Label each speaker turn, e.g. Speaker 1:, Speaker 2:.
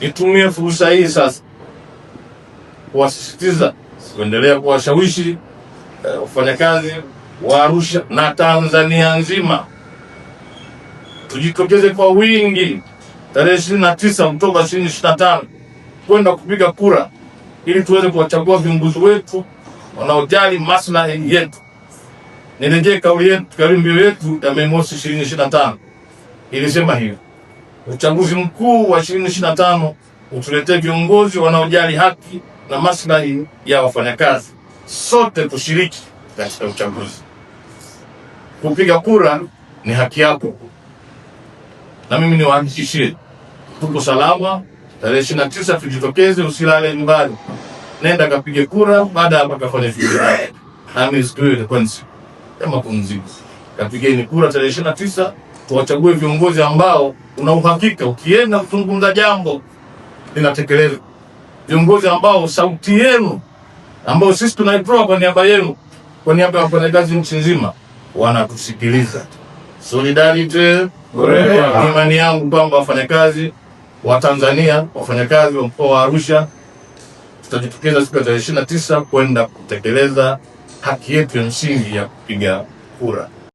Speaker 1: nitumie fursa hii sasa kuwasisitiza kuendelea kuwashawishi eh, wafanyakazi wa Arusha na Tanzania nzima tujitokeze kwa wingi tarehe ishirini na tisa Oktoba ishirini na tano kwenda kupiga kura ili tuweze kuwachagua viongozi wetu wanaojali maslahi yetu. Nirejee kauli yetu, kauli mbiu yetu ya Mei Mosi ishirini ishirini na tano ilisema hivyo. Uchaguzi mkuu wa 2025 utuletee viongozi wanaojali haki na maslahi ya wafanyakazi. Sote tushiriki katika uchaguzi. Kupiga kura ni haki yako, na mimi niwahakikishie tuko salama. Tarehe 29 tujitokeze, usilale nyumbani, nenda kapige kura, baada ya pakafanya shughuli vizuri, Nami sikuiwe kwanza kama mapumziko, kapigeni kura tarehe 29 tuwachague viongozi ambao una uhakika ukienda kuzungumza jambo linatekelezwa, viongozi ambao sauti yenu ambao sisi tunaitoa kwa niaba yenu, kwa niaba ya wafanyakazi nchi nzima wanatusikiliza. Solidarite imani yangu kwamba wafanyakazi wa Tanzania, wafanyakazi wa mkoa wa Arusha tutajitokeza siku ya tarehe ishirini na tisa kwenda kutekeleza haki yetu ya msingi ya kupiga kura.